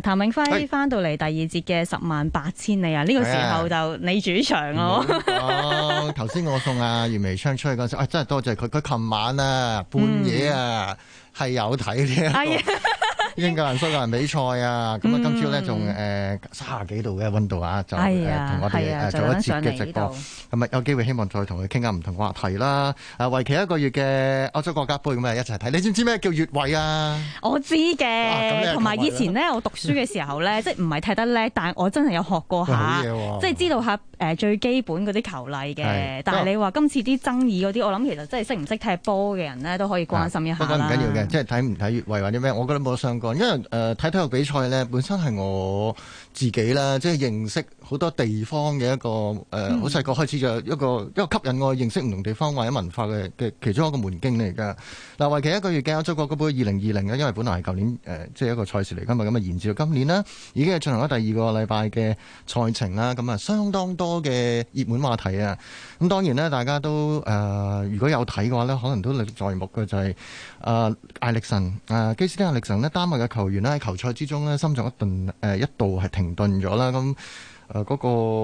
譚永輝翻到嚟第二節嘅十萬八千里啊！呢個時候就你主場咯。頭先我送阿袁微昌出去嗰陣，啊、哎、真係多謝佢，佢琴晚啊半夜啊係、嗯、有睇呢一度。英格蘭、蘇格蘭比賽啊，咁啊、嗯、今朝咧仲誒卅幾度嘅溫度啊，就誒同我哋做一節嘅直播，咁咪、啊、有機會希望再同佢傾下唔同話題啦。誒，為期一個月嘅歐洲國家杯咁啊，一齊睇。你知唔知咩叫越位啊？我知嘅，同埋以前咧，我讀書嘅時候咧，即係唔係睇得叻， 但我真係有學過一下，即係、啊、知道一下。誒、呃、最基本嗰啲球例嘅，是但係你話今次啲爭議嗰啲，嗯、我諗其實真係識唔識踢波嘅人咧都可以關心一下啦。唔緊要嘅，即係睇唔睇越位或者咩，我覺得冇得相干，因為誒睇、呃、體育比賽咧，本身係我自己啦，即係認識。好多地方嘅一個誒，好細個開始就一個一個吸引我認識唔同地方或者文化嘅嘅其中一個門徑嚟噶。嗱、啊，為期一個月嘅歐洲國家杯二零二零咧，因為本來係舊年、呃、即係一個賽事嚟噶嘛，咁啊延至到今年啦，已經係進行咗第二個禮拜嘅賽程啦。咁、嗯、啊，相當多嘅熱門話題啊。咁、嗯、當然呢，大家都誒、呃，如果有睇嘅話呢，可能都歷歷在目嘅就係誒艾力神誒基斯汀·艾力神呢，丹麥嘅球員呢，喺球賽之中呢，心臟一頓、呃、一度係停頓咗啦，咁、嗯。誒嗰、呃嗰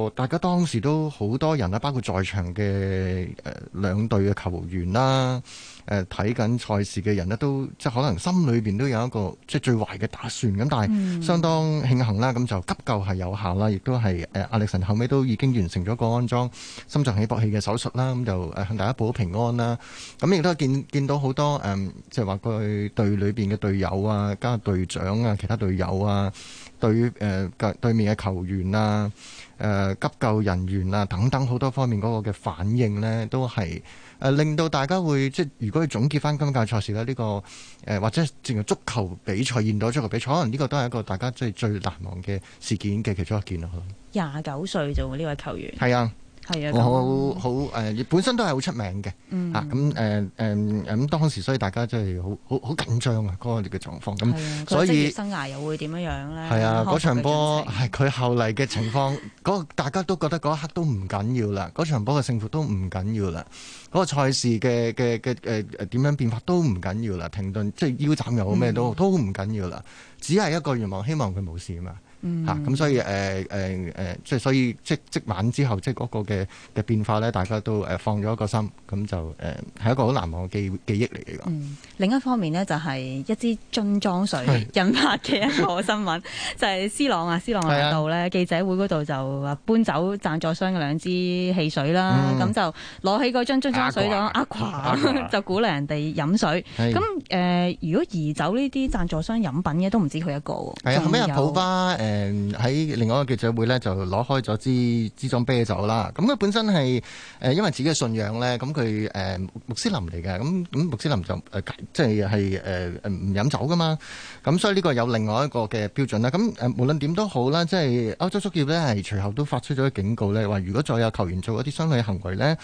個、大家當時都好多人，包括在場嘅誒兩隊嘅球員啦。誒睇緊賽事嘅人呢，都即係可能心裏面都有一個即係最壞嘅打算咁，但係相當慶幸啦，咁、嗯、就急救係有效啦，亦都係誒艾歷臣後尾都已經完成咗個安裝心臟起搏器嘅手術啦，咁、啊嗯、就向、呃、大家保平安啦。咁、啊、亦都見見到好多誒，即係話佢隊裏面嘅隊友啊，加隊長啊，其他隊友啊，對於對對面嘅球員啊、誒、呃、急救人員啊等等好多方面嗰個嘅反應呢，都係。令到大家會即如果要總結翻今屆賽事咧，呢、這個誒、呃、或者淨係足球比賽，現代足球比賽，可能呢個都係一個大家即係最難忘嘅事件嘅其中一件咯。廿九歲，就呢位球員係啊。係啊，好好誒、呃，本身都係好出名嘅，嚇咁誒誒咁當時，所以大家真係好好好緊張啊！嗰、嗰個嘅狀況咁，啊、所以生涯又會點樣樣咧？係啊，嗰場波係佢後嚟嘅情況，嗰個大家都覺得嗰一刻都唔緊要啦，嗰場波嘅勝負都唔緊要啦，嗰、嗰個賽事嘅嘅嘅誒誒點樣變化都唔緊要啦，停頓即係、就是、腰斬又好咩都好、嗯、都唔緊要啦，只係一個願望，希望佢冇事啊嘛～嚇咁、嗯啊、所以誒誒誒，即、呃、係、呃、所以即，即即晚之後即那，即係嗰個嘅嘅變化咧，大家都誒、呃、放咗一個心，咁就誒係、呃、一個好難忘嘅記記憶嚟嘅、嗯。另一方面呢，就係、是、一支樽裝水引發嘅一個新聞，是就係 C 朗啊， C 朗喺度咧記者會嗰度就話搬走贊助商嘅兩支汽水啦，咁、嗯、就攞起嗰樽樽裝水就 Agua，啊、 就鼓勵人哋飲水。咁誒是、呃，如果移走呢啲贊助商飲品嘅，都唔止佢一個喎。是啊、有咩普巴誒？有誒喺另外一個記者會呢，就攞開咗支支裝啤酒啦。咁佢本身係誒因為自己嘅信仰呢，咁佢誒穆斯林嚟嘅，咁咁穆斯林就、呃、即係係唔飲酒㗎嘛。咁所以呢個有另外一個嘅標準啦。咁誒無論點都好啦，即係歐洲足協呢，係隨後都發出咗警告呢，話如果再有球員做一啲相類行為呢，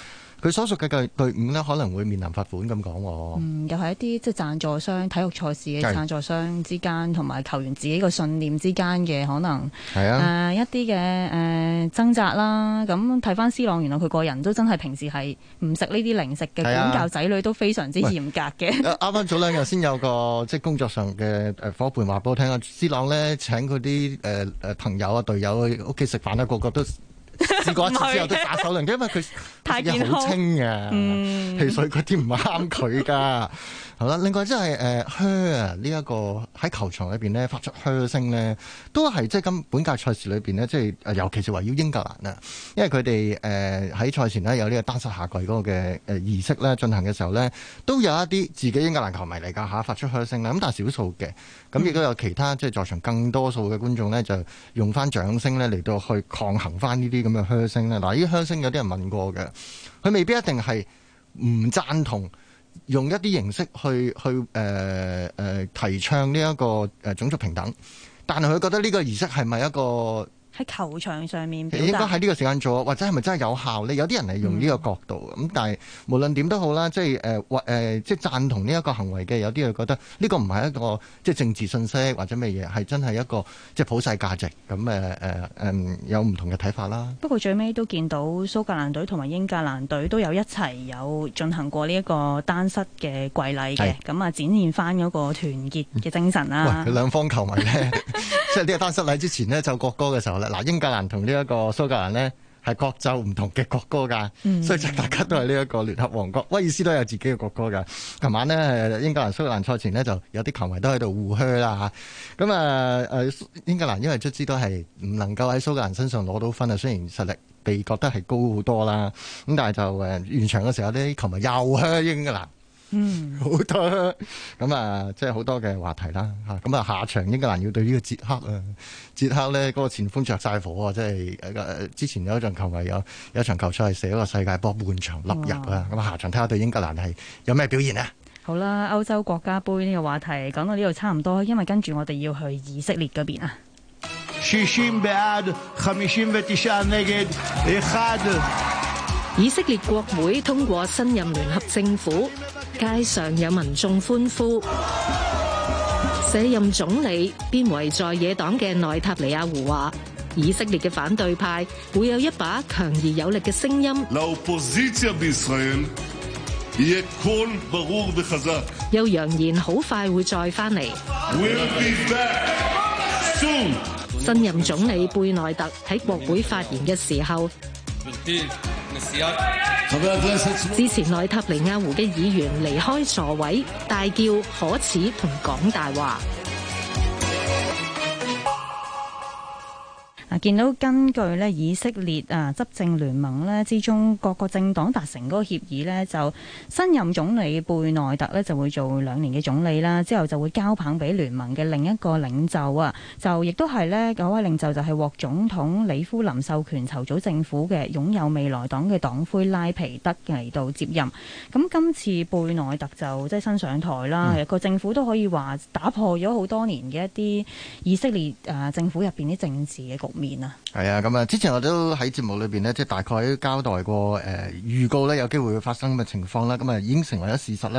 佢所屬嘅隊伍可能會面臨罰款咁講喎。嗯，又係一啲即係贊助商、體育賽事嘅贊助商之間，同埋球員自己個信念之間嘅可能。係啊。呃、一啲嘅誒掙扎啦，咁睇翻 C 朗，原來佢個人都真係平時係唔食呢啲零食嘅，管、啊、教仔女都非常之嚴格嘅喂。啱啱 早兩日先有個即係工作上嘅誒夥伴話俾我聽啊， C 朗呢，請佢啲誒朋友啊隊友去屋企食飯啦，個個都。 試過一次之後都打手輪嘅，因為佢太嘢好清嘅，汽水嗰啲唔啱佢噶。好啦，另外即係誒靴啊，呢、呃、一、這個喺球場裏面咧發出靴聲咧，都係即係今本屆賽事裏面咧，即係尤其是圍繞英格蘭啊，因為佢哋誒喺賽前咧有呢個單膝下跪嗰個嘅誒儀式咧進行嘅時候咧，都有一啲自己英格蘭球迷嚟㗎嚇發出靴聲啦。咁但係少數嘅，咁亦都有其他即係在場更多數嘅觀眾咧，就用翻掌聲咧嚟到去抗衡翻呢啲咁樣。噓聲咧，嗱，呢啲噓聲有啲人問過嘅，佢未必一定係唔贊同用一啲形式去去誒誒、呃呃、提倡呢、這、一個誒、呃、種族平等，但係佢覺得呢個儀式係咪一個？喺球場上面，應該喺呢個時間做，或者係咪真係有效咧？有啲人係用呢個角度咁、嗯、但係無論點都好啦，即係誒或誒，即係贊同呢一個行為嘅，有啲又覺得呢個唔係一個即係政治信息或者乜嘢，係真係一個即係普世價值。咁誒誒誒，有唔同嘅睇法啦。不過最尾都見到蘇格蘭隊同埋英格蘭隊都有一齊有進行過呢一個單膝嘅跪禮嘅，咁啊是展現翻嗰個團結嘅精神啦。嗯、兩方球迷咧，即係呢個單膝禮之前呢，就國歌嘅時候。嗱，英格蘭同呢一個蘇格蘭呢係各州唔同嘅國歌噶，嗯、所以大家都係呢一個聯合王國。威爾斯都有自己嘅國歌噶。琴晚咧，英格蘭蘇格蘭賽前呢就有啲球迷都喺度互靴啦嚇。咁啊，誒英格蘭因為出資都係唔能夠喺蘇格蘭身上攞到分啊，雖然實力被覺得係高好多啦，咁但係就誒現、啊、場嘅時候咧，球迷又靴英格蘭。嗯，好多咁啊，即係好多嘅話題啦吓。咁啊，下場英格蘭要對呢個捷克啊，捷克咧嗰個前鋒着晒火啊，即係之前有一場球係有有一場球賽射一個世界波，半場立入啊。咁啊哇，下場睇下對英格蘭係有咩表現啊。好啦，歐洲國家杯呢個話題講到呢度差唔多，因為跟住我哋要去以色列嗰邊啊。以色列國會通過新任聯合政府。街上有民眾歡呼，卸任總理變為在野黨嘅內塔尼亞胡話，以色列嘅反對派會有一把強而有力嘅聲音，又揚言好快會再翻嚟。新任總理貝內特喺國會發言嘅時候，之前內塔尼亞胡嘅議員離開座位，大叫可恥同講大話。見到根據咧以色列啊執政聯盟咧之中各個政黨達成嗰個協議就新任總理貝內特咧就會做兩年嘅總理啦，之後就會交棒俾聯盟嘅另一個領袖啊，就亦都係呢位領袖就係獲總統里夫林授權籌組政府嘅擁有未來黨嘅黨魁拉皮德嚟到接任。咁今次貝內特就即係新上台啦，嗯、個政府都可以話打破咗好多年嘅一啲以色列啊政府入邊啲政治嘅局面。係啊，咁啊，之前我都喺節目裏邊咧即係大概交代過誒，預、呃、告有機會會發生嘅情況啦，咁啊已經成為咗事實。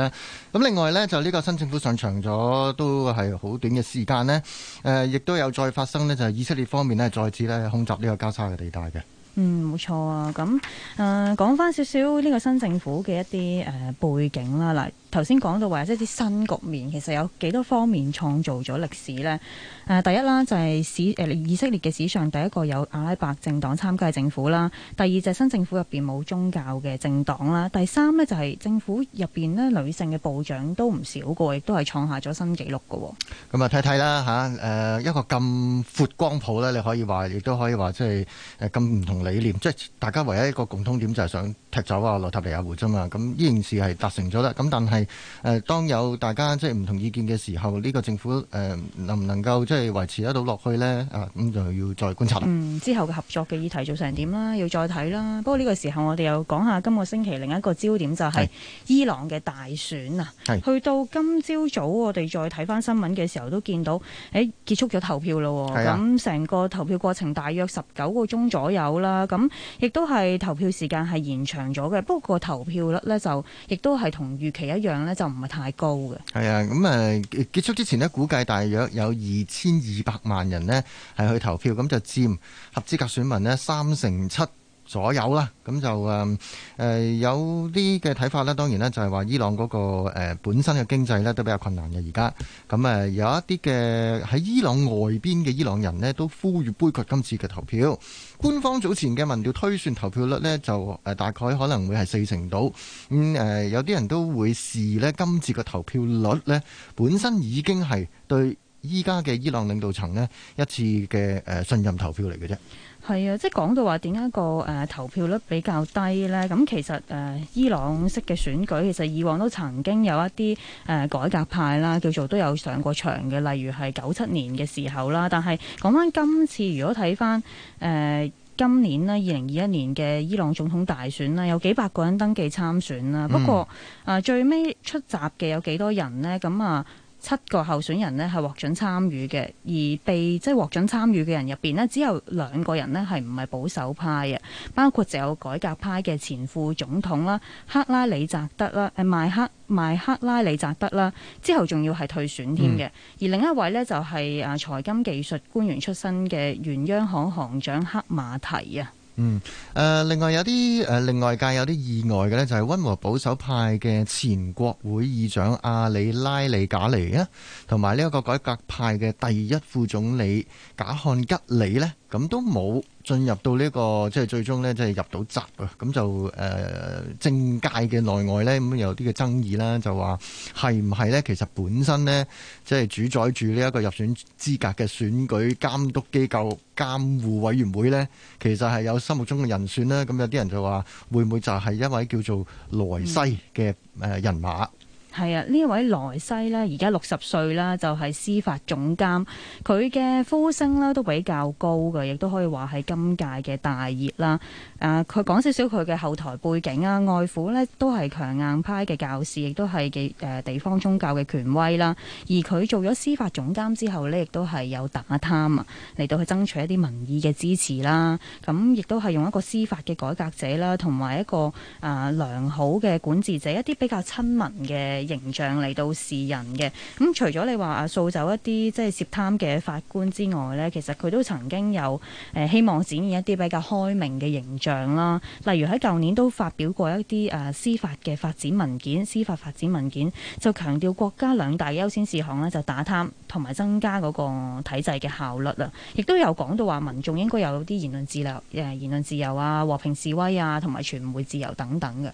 咁另外呢，就呢個新政府上場咗，都係好短嘅時間咧，誒、呃，亦都有再發生咧，就係、是、以色列方面再次咧空襲呢個加沙嘅地帶嘅。嗯，冇錯啊。咁誒，講翻少少呢個新政府嘅一啲誒、呃、背景啦，嗱。頭先講到話，即係啲新局面，其實有幾多方面創造咗歷史呢。誒、呃，第一啦，就係、是、史、呃、以色列嘅史上第一個有阿拉伯政黨參加政府啦。第二就係新政府入邊冇宗教嘅政黨啦。第三咧就係、是、政府入邊咧女性嘅部長都唔少過，亦都係創下咗新紀錄嘅。咁、嗯、啊，睇睇啦嚇誒一個咁闊光譜咧，你可以話，亦都可以話，即係誒咁唔同理念，即、就、係、是、大家唯一一個共通點就係想踢走啊內塔尼亞胡啫嘛。咁呢件事係達成咗啦。咁但係誒、呃，當有大家即係唔同意見嘅時候，呢、這個政府誒、呃、能唔能夠即係維持得到落去呢？啊，咁就要再觀察啦、嗯、之後嘅合作嘅議題做成點啦？要再睇啦。不過呢個時候，我哋又講下今個星期另一個焦點就係伊朗嘅大選啊。是去到今朝早、早，我哋再睇翻新聞嘅時候，都見到喺、哎、結束咗投票咯、哦。係咁成個投票過程大約十九個鐘左右啦。咁亦都係投票時間係延長咗嘅。不過投票率呢，就亦都係同預期一樣。樣咧，就唔係太高嘅，係啊。咁誒結束之前咧，估計大約有二千二百萬人呢係去投票，咁就佔合資格選民呢三成七左右啦。咁就誒誒有啲嘅睇法咧，當然呢，就係話伊朗嗰個誒本身嘅經濟呢都比較困難嘅。而家咁誒有一啲嘅喺伊朗外邊嘅伊朗人呢，都呼籲杯葛今次嘅投票。官方早前嘅民調推算投票率咧就、呃、大概可能會係四成到、嗯呃，有啲人都會視咧今次個投票率咧本身已經係對。依家嘅伊朗領導層呢，一次嘅誒、呃、信任投票嚟嘅啫。係啊，即係講到話點解個誒投票率比較低呢？咁其實誒、呃、伊朗式嘅選舉，其實以往都曾經有一啲誒、呃、改革派啦，叫做都有上過場嘅，例如係九七年嘅時候啦。但係講翻今次，如果睇翻誒今年呢，二零二一年嘅伊朗總統大選啦，有幾百個人登記參選啦。嗯、不過啊、呃，最尾出閘嘅有幾多人呢？咁啊～七個候選人咧係獲准參與嘅，而被即係獲准參與嘅人入邊咧，只有兩個人咧係唔係保守派嘅，包括就有改革派嘅前副總統啦，克拉里扎德啦，誒麥克麥克拉里扎德啦，之後仲要係退選添嘅。嗯、而另一位呢，就係啊財金技術官員出身嘅原央行行長克馬提。啊。嗯，誒，另外有啲誒，另外界有啲意外嘅咧，就係溫和保守派嘅前國會議長阿里拉里賈尼啊，同埋呢一個改革派嘅第一副總理賈漢吉里咧，咁都冇。進入到呢、這個即係最終呢，即係入到閘啊！咁就誒、呃、政界嘅內外呢，咁有啲嘅爭議啦，就話係唔係呢？其實本身呢，即係主宰住呢一個入選資格嘅選舉監督機構監護委員會呢，其實係有心目中嘅人選啦。咁有啲人就話，會唔會就係一位叫做萊西嘅人馬？嗯係啊，呢一位萊西呢，而家六十歲啦，就係、是、司法總監。佢嘅呼聲咧都比較高嘅，亦都可以話係今屆嘅大熱啦。啊，佢講少少佢嘅後台背景啊，外父呢都係強硬派嘅教士，亦都係嘅誒地方宗教嘅權威啦。而佢做咗司法總監之後呢，亦都係有打貪啊，嚟到去爭取一啲民意嘅支持啦。咁、啊、亦都係用一個司法嘅改革者啦，同埋一個啊良好嘅管治者，一啲比較親民嘅。形象嚟到示人嘅，咁、嗯、除咗你話啊掃走一啲即係涉貪嘅法官之外咧，其實佢都曾經有、呃、希望展現一啲比較開明嘅形象啦。例如喺舊年都發表過一啲、呃、司法嘅發展文件、司法發展文件，就強調國家兩大優先事項咧，就打貪同埋增加嗰個體制嘅效率啦。亦都有講到話民眾應該有啲言論自立、呃、言論自由啊、和平示威啊同埋傳媒自由等等嘅。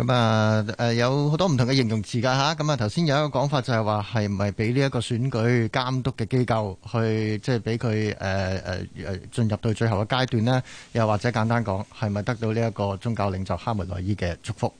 咁啊，誒、嗯、有好多唔同嘅形容詞噶吓。咁啊頭先有一個講法就係話，係唔係俾呢一個選舉監督嘅機構去，即係俾佢誒誒誒進入到最後嘅階段咧？又或者簡單講，係咪得到呢一個宗教領袖哈梅內伊嘅祝福？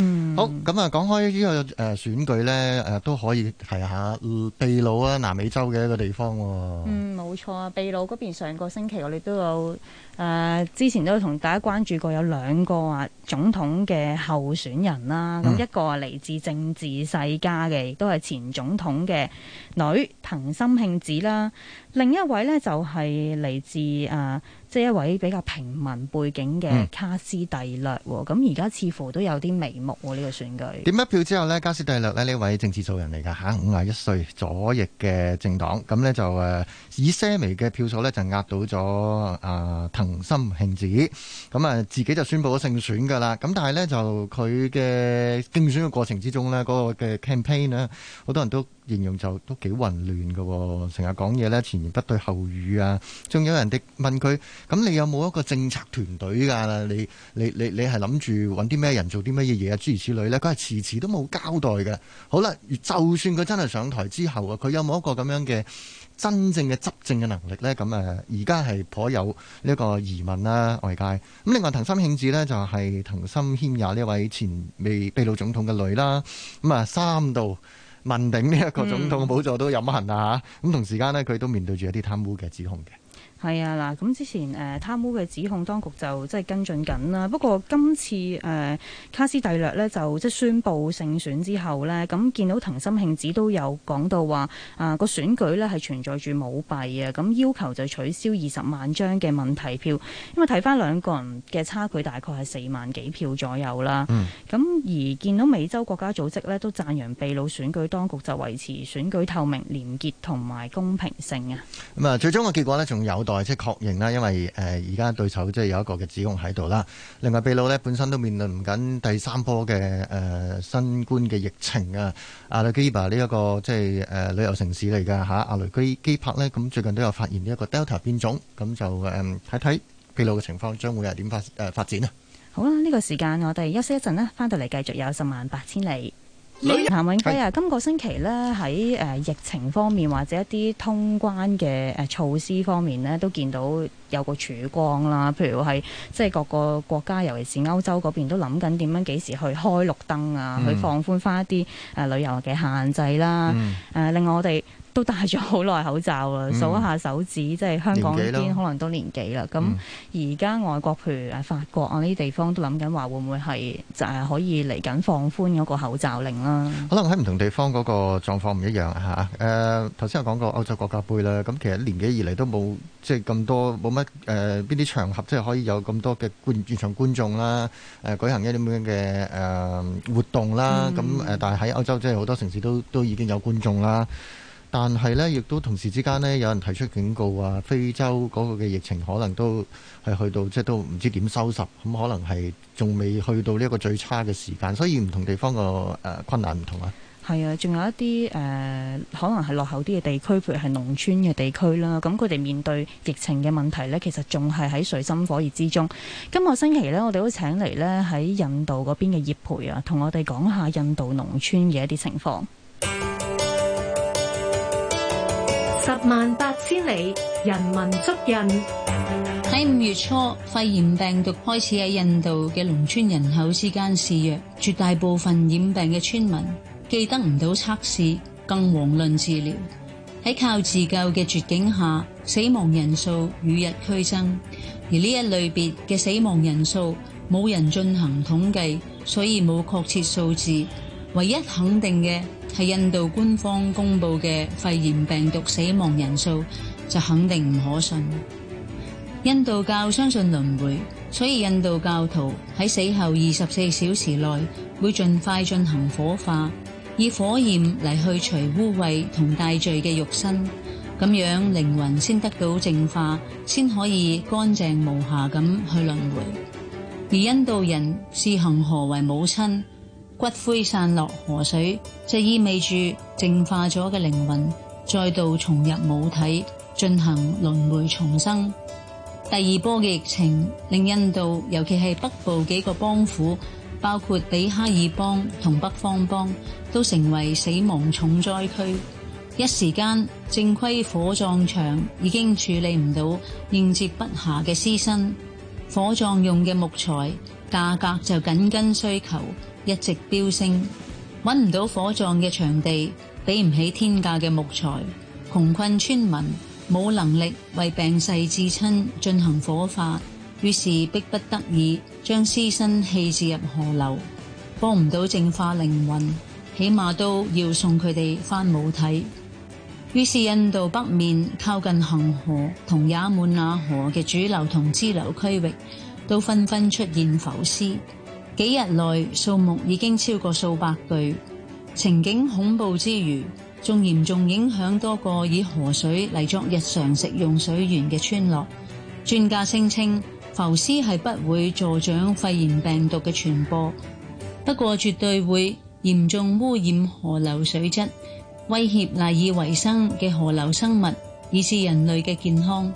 嗯，好，咁啊，講開呢個誒選舉呢誒都可以提下秘魯啊，南美洲嘅一個地方。嗯，冇錯啊，秘魯嗰邊上個星期我哋都有誒、呃，之前都有同大家關注過有兩個啊總統嘅候選人啦。咁、嗯、一個係嚟自政治世家嘅，亦都係前總統嘅女藤森慶子啦。另一位呢，就係嚟自誒。即係一位比較平民背景嘅卡斯蒂略，咁而家似乎都有啲眉目喎呢、呢個選舉。點一票之後呢？卡斯蒂略呢呢位政治素人嚟㗎，嚇，五十一歲左翼嘅政黨，咁呢就以些微嘅票數呢，就壓倒咗啊藤森慶子，咁啊自己就宣布咗勝選㗎啦。咁但係呢，就佢嘅競選嘅過程之中呢，嗰、嗰個嘅 campaign 呢，好多人都形容就都幾混亂喎。成日講嘢呢，前言不對後語啊，仲有人哋問佢。咁你有冇一個政策團隊㗎、啊？你你你你係諗住揾啲咩人做啲乜嘢嘢啊？諸如此類咧，佢係遲遲都冇交代嘅。好啦，就算佢真係上台之後啊，佢有冇一個咁樣嘅真正嘅執政嘅能力咧？咁而家係頗有呢一個疑問啦、啊，外界。咁另外藤森慶子呢就係藤森謙也呢一位前未秘魯總統嘅女啦。咁啊，三度問鼎呢一個總統寶座、嗯、都飲恨啊？嚇！咁同時間呢，佢都面對住一啲貪污嘅指控嘅。係啊，嗱，咁之前誒貪污嘅指控，當局就即係跟進緊啦。不過今次誒、呃、卡斯蒂略呢，就即係宣布勝選之後呢，咁見到藤森慶子都有講到話啊，個選舉呢係存在住舞弊啊，咁要求就取消二十萬張嘅問題票，因為睇翻兩個人嘅差距大概係四萬幾票左右啦。咁、嗯、而見到美洲國家組織呢，都讚揚秘魯選舉當局就維持選舉透明、廉潔同埋公平性啊。咁啊，最終嘅結果呢，仲有。代即係確認啦，因為誒而家對手即係有一個嘅指控喺度啦。另外秘魯呢本身都面臨唔緊第三波嘅誒新冠嘅疫情啊，阿雷基巴呢一個即係誒旅遊城市嚟㗎嚇，阿、啊、雷基基帕咧，咁最近都有發現呢一個 Delta 變種，咁就誒睇睇秘魯嘅情況將會係點發誒發展啊。好啦，呢、這個時間我哋休息一陣啦，翻到嚟繼續有十萬八千里。譚永輝啊，今個星期咧喺誒疫情方面或者一啲通關嘅誒、呃、措施方面咧，都見到有個曙光啦。譬如係即係各個國家，尤其是歐洲嗰邊都諗緊點樣幾時去開綠燈啊，mm. 去放寬翻一啲誒、呃、旅遊嘅限制啦。誒、mm. 呃，另外我哋。都戴咗好耐口罩啦，數一下手指，嗯、即係香港已經可能都年紀啦。咁而家外國，譬如誒法國啊呢啲地方，都諗緊話會唔會係誒可以嚟緊放寬嗰個口罩令啦。可能喺唔同地方嗰個狀況唔一樣嚇誒。頭、啊、先我講過歐洲國家盃啦，咁其實年幾以嚟都冇即係咁多冇乜誒邊啲場合，即係可以有咁多嘅觀現場觀眾啦。誒舉行一啲咁樣嘅誒活動啦。咁誒、嗯，但係喺歐洲即係好多城市都都已經有觀眾啦。但係呢，亦都同時之間呢，有人提出警告啊，非洲嗰個嘅疫情可能都係去到即係都唔知點收拾，咁可能係仲未去到呢個最差嘅時間，所以唔同地方個、呃、困難唔同啊。係啊，仲有一啲、呃、可能係落後啲嘅地區，譬如係農村嘅地區啦。咁佢哋面對疫情嘅問題呢，其實仲係喺水深火熱之中。今個星期呢，我哋都請嚟呢喺印度嗰邊嘅葉培啊，同我哋講下印度農村嘅一啲情況。十萬八千里，人文足印。喺五月初，肺炎病毒開始喺印度嘅農村人口之間肆虐，絕大部分染病嘅村民既得唔到測試，更遑論治療。喺靠自救嘅絕境下，死亡人數與日俱增。而呢一類別嘅死亡人數，冇人進行統計，所以冇確切數字。唯一肯定嘅。係印度官方公布嘅肺炎病毒死亡人數就肯定唔可信。印度教相信輪迴，所以印度教徒喺死後二十四小時內會盡快進行火化，以火焰嚟，去除污穢同帶罪嘅肉身，咁樣靈魂先得到淨化，先可以乾淨無瑕咁去輪迴。而印度人視恆河為母親。骨灰散落河水，就意味住淨化咗嘅靈魂再度重入母體，進行輪迴重生。第二波嘅疫情令印度，尤其係北部幾個邦府，包括比哈爾邦同北方邦，都成為死亡重災區。一時間正規火葬場已經處理唔到，應接不暇嘅屍身。火葬用嘅木材價格就緊跟需求，一直飆升，揾唔到火葬嘅場地，畀唔起天價嘅木材，窮困村民冇能力為病逝至親進行火化，於是迫不得已將屍身棄置入河流，幫唔到淨化靈魂，起碼都要送佢哋返母體。於是印度北面靠近恒河同雅滿拿河嘅主流同支流區域，都紛紛出現浮屍。幾日內數目已經超過數百具，情景恐怖之餘，仲嚴重影響多個以河水嚟作日常食用水源嘅村落。專家聲稱，浮屍係不會助長肺炎病毒嘅傳播，不過絕對會嚴重污染河流水質，威脅賴以維生嘅河流生物，以致人類嘅健康。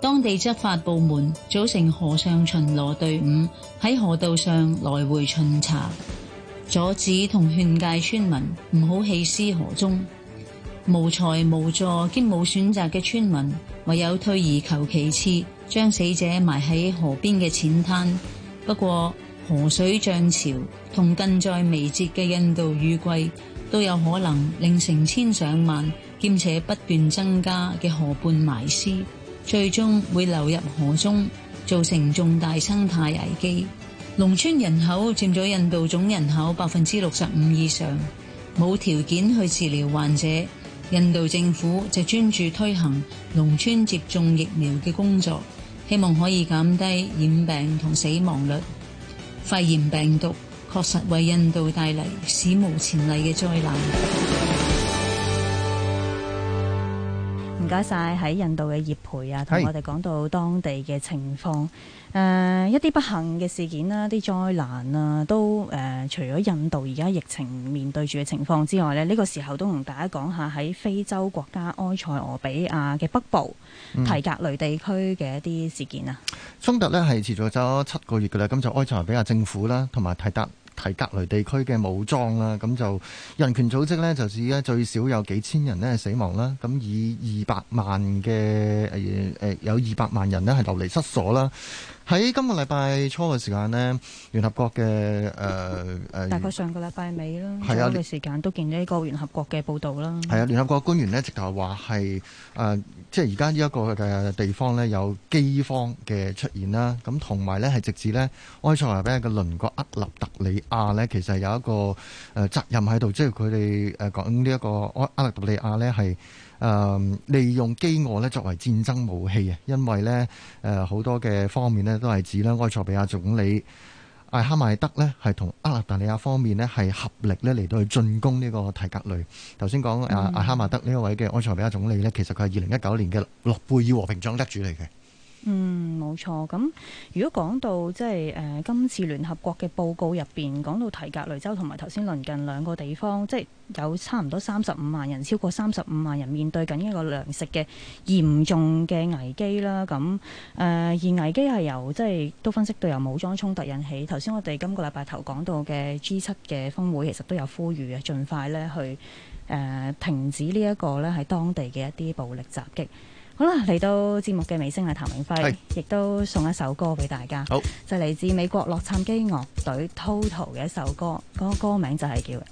當地執法部門組成河上巡邏隊伍，喺河道上來回巡查，阻止同勸戒村民唔好棄屍河中。無財無助兼冇選擇嘅村民唯有退而求其次，將死者埋喺河邊嘅淺灘。不過，河水漲潮同近在眉睫嘅印度雨季都有可能令成千上萬兼且不斷增加嘅河畔埋屍最終會流入河中，造成重大生態危機。農村人口佔咗印度總人口百分之六十五以上，冇條件去治療患者。印度政府就專注推行農村接種疫苗嘅工作，希望可以減低染病同死亡率。肺炎病毒確實為印度帶嚟史無前例嘅災難。唔該晒，喺印度嘅葉培啊，同我哋講到當地嘅情況。是呃、一啲不幸嘅事件啦，啲災難啊，都、呃、除咗印度而家疫情面對住嘅情況之外呢，呢、呢個時候都同大家講下喺非洲國家埃塞俄比亞嘅北部提格雷地區嘅一啲事件啊、嗯。衝突呢係持續咗七個月嘅啦，咁就埃塞俄比亞政府啦，同埋提達。提格雷地區嘅武裝啦，咁就人權組織呢，就似而家最少有幾千人呢死亡啦，咁以二百萬嘅誒誒，有二百萬人呢係流離失所啦。喺今個禮拜初嘅時間呢，聯合國嘅誒誒，呃、大概上個禮拜尾啦，初嘅、啊、時間都見咗一個聯合國嘅報導啦。係啊，聯合國官員呢，直頭話係誒，即係而家呢一個嘅地方呢，有飢荒嘅出現啦。咁同埋呢，係直至呢，埃塞俄比亞嘅鄰國厄立特里亞呢，其實有一個誒責任喺度，即係佢哋誒講呢一個埃厄立特里亞呢，係。誒、um, 利用饑餓咧作為戰爭武器啊，因為咧誒好多嘅方面咧都係指咧，埃塞比亞總理艾哈邁德咧係同阿勒達利亞方面咧係合力咧嚟到去進攻呢個提格雷。頭先講阿艾哈邁德呢一位嘅埃塞比亞總理咧，其實佢係二零一九年嘅諾貝爾和平獎得主嚟嘅。嗯，冇錯。咁如果講到即係誒、呃、今次聯合國嘅報告入邊講到提格雷州同埋頭先鄰近兩個地方，即係有差唔多三十五萬人，超過三十五萬人面對緊一個糧食嘅嚴重嘅危機啦。咁誒、呃、而危機係由即係都分析到由武裝衝突引起。剛才們頭先我哋今個禮拜頭講到嘅 G 七嘅峰會，其實都有呼籲嘅，盡快呢去誒、呃、停止呢一個呢喺當地嘅一啲暴力襲擊。好啦，嚟到節目嘅尾聲，係譚永輝亦是都送一首歌俾大家，好就嚟自美國洛杉磯樂隊 Toto 嘅一首歌，嗰、嗰個歌名就係叫。